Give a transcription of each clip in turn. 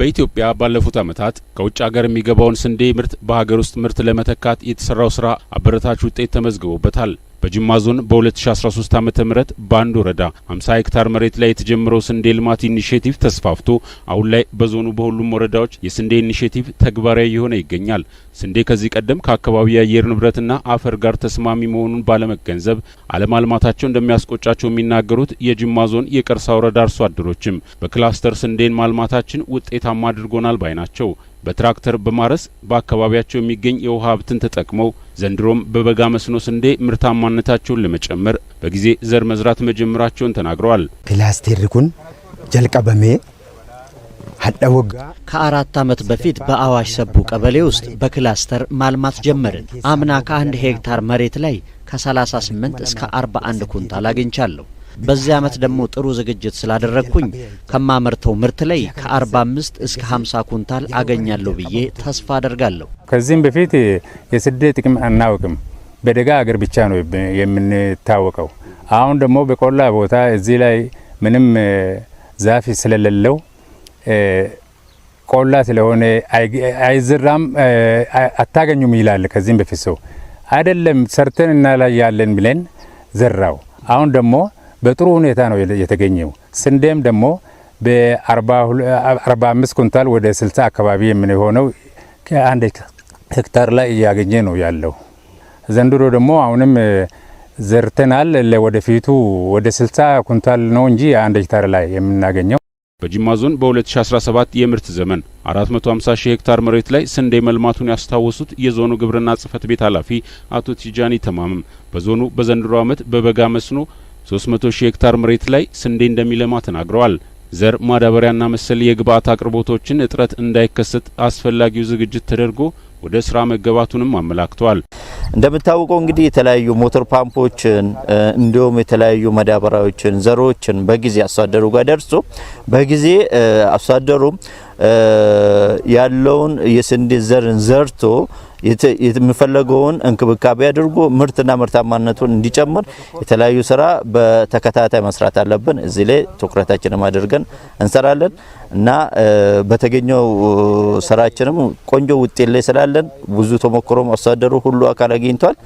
በኢትዮጵያ ባለፉት ዓመታት ከውጭ ሀገር የሚገባውን ስንዴ ምርት በሀገር ውስጥ ምርት ለመተካት የተሰራው ስራ አበረታች ውጤት ተመዝግቦበታል። በጅማ ዞን በ2013 ዓ ም በአንድ ወረዳ 50 ሄክታር መሬት ላይ የተጀመረው ስንዴ ልማት ኢኒሽቲቭ ተስፋፍቶ አሁን ላይ በዞኑ በሁሉም ወረዳዎች የስንዴ ኢኒሽቲቭ ተግባራዊ የሆነ ይገኛል። ስንዴ ከዚህ ቀደም ከአካባቢ የአየር ንብረትና አፈር ጋር ተስማሚ መሆኑን ባለመገንዘብ አለማልማታቸው እንደሚያስቆጫቸው የሚናገሩት የጅማ ዞን የቀርሳ ወረዳ አርሶ አደሮችም በክላስተር ስንዴን ማልማታችን ውጤታማ አድርጎናል ባይ ናቸው። በትራክተር በማረስ በአካባቢያቸው የሚገኝ የውሃ ሀብትን ተጠቅመው ዘንድሮም በበጋ መስኖ ስንዴ ምርታማነታቸውን ለመጨመር በጊዜ ዘር መዝራት መጀመራቸውን ተናግረዋል። ክላስቴር ጀልቀ በሜ ከአራት ዓመት በፊት በአዋሽ ሰቡ ቀበሌ ውስጥ በክላስተር ማልማት ጀመርን። አምና ከአንድ ሄክታር መሬት ላይ ከ38 እስከ 41 ኩንታል አግኝቻለሁ። በዚህ አመት ደግሞ ጥሩ ዝግጅት ስላደረግኩኝ ከማመርተው ምርት ላይ ከ45 እስከ 50 ኩንታል አገኛለሁ ብዬ ተስፋ አደርጋለሁ። ከዚህም በፊት የስንዴ ጥቅም አናውቅም። በደጋ አገር ብቻ ነው የምንታወቀው። አሁን ደግሞ በቆላ ቦታ እዚህ ላይ ምንም ዛፍ ስለሌለው ቆላ ስለሆነ አይዝራም፣ አታገኙም ይላል። ከዚህም በፊት ሰው አይደለም ሰርተን ያለን ብለን ዘራው አሁን ደግሞ በጥሩ ሁኔታ ነው የተገኘው። ስንዴም ደግሞ በ45 ኩንታል ወደ 60 አካባቢ የምንሆነው ከአንድ ሄክታር ላይ እያገኘ ነው ያለው። ዘንድሮ ደግሞ አሁንም ዘርተናል። ለወደፊቱ ወደ 60 ኩንታል ነው እንጂ የአንድ ሄክታር ላይ የምናገኘው። በጅማ ዞን በ2017 የምርት ዘመን 450 ሺህ ሄክታር መሬት ላይ ስንዴ መልማቱን ያስታወሱት የዞኑ ግብርና ጽህፈት ቤት ኃላፊ አቶ ቲጃኒ ተማምም በዞኑ በዘንድሮ ዓመት በበጋ መስኖ 300 ሺህ ሄክታር መሬት ላይ ስንዴ እንደሚለማ ተናግረዋል። ዘር ማዳበሪያና መሰል የግብአት አቅርቦቶችን እጥረት እንዳይከሰት አስፈላጊው ዝግጅት ተደርጎ ወደ ስራ መገባቱንም አመላክተዋል። እንደምታወቀው እንግዲህ የተለያዩ ሞተር ፓምፖችን እንዲሁም የተለያዩ ማዳበሪያዎችን፣ ዘሮችን በጊዜ አርሶ አደሩ ጋር ደርሶ በጊዜ አርሶ አደሩም ያለውን የስንዴ ዘርን ዘርቶ የሚፈለገውን እንክብካቤ አድርጎ ምርትና ምርታማነቱን እንዲጨምር የተለያዩ ስራ በተከታታይ መስራት አለብን። እዚህ ላይ ትኩረታችንም አድርገን እንሰራለን እና በተገኘው ስራችንም ቆንጆ ውጤት ላይ ስላለን ብዙ ተሞክሮ አስተዳደሩ ሁሉ አካል አግኝቷል።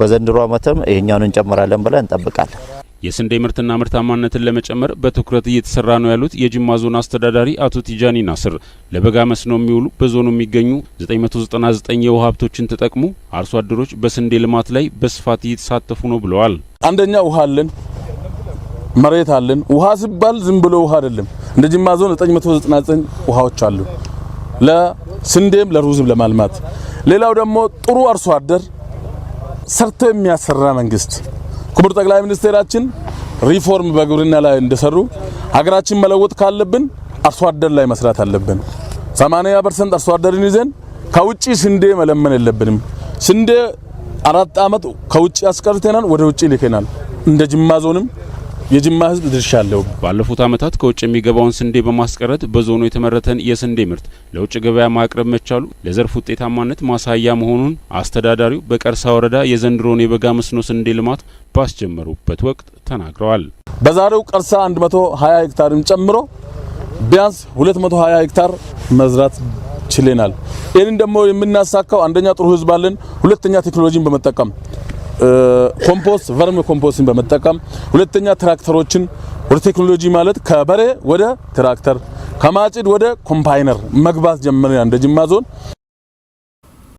በዘንድሮ ዓመትም ይህኛውን እንጨምራለን ብለን እንጠብቃለን። የስንዴ ምርትና ምርታማነትን ለመጨመር በትኩረት እየተሰራ ነው ያሉት የጅማ ዞን አስተዳዳሪ አቶ ቲጃኒ ናስር ለበጋ መስኖ የሚውሉ በዞኑ የሚገኙ 999 የውሃ ሀብቶችን ተጠቅሞ አርሶ አደሮች በስንዴ ልማት ላይ በስፋት እየተሳተፉ ነው ብለዋል። አንደኛ ውሃ አለን፣ መሬት አለን። ውሃ ሲባል ዝም ብሎ ውሃ አይደለም። እንደ ጅማ ዞን 999 ውሃዎች አሉ ለስንዴም ለሩዝም ለማልማት ሌላው ደግሞ ጥሩ አርሶ አደር ሰርቶ የሚያሰራ መንግስት ክቡር ጠቅላይ ሚኒስቴራችን ሪፎርም በግብርና ላይ እንደሰሩ ሀገራችን መለወጥ ካለብን አርሶ አደር ላይ መስራት አለብን። 80% አርሶ አደርን ይዘን ከውጪ ስንዴ መለመን የለብንም። ስንዴ አራት ዓመት ከውጪ አስቀርተናል፣ ወደ ውጪ ልከናል። እንደ ጅማ ዞንም የጅማ ህዝብ ድርሻ አለው። ባለፉት ዓመታት ከውጭ የሚገባውን ስንዴ በማስቀረት በዞኑ የተመረተን የስንዴ ምርት ለውጭ ገበያ ማቅረብ መቻሉ ለዘርፍ ውጤታማነት ማሳያ መሆኑን አስተዳዳሪው በቀርሳ ወረዳ የዘንድሮን የበጋ መስኖ ስንዴ ልማት ባስጀመሩበት ወቅት ተናግረዋል። በዛሬው ቀርሳ 120 ሄክታርን ጨምሮ ቢያንስ 220 ሄክታር መዝራት ችለናል። ይህንን ደግሞ የምናሳካው አንደኛ ጥሩ ህዝብ አለን፣ ሁለተኛ ቴክኖሎጂን በመጠቀም ኮምፖስት ቨርም ኮምፖስትን በመጠቀም ሁለተኛ ትራክተሮችን ወደ ቴክኖሎጂ ማለት ከበሬ ወደ ትራክተር ከማጭድ ወደ ኮምፓይነር መግባት ጀምረናል እንደ ጅማ ዞን።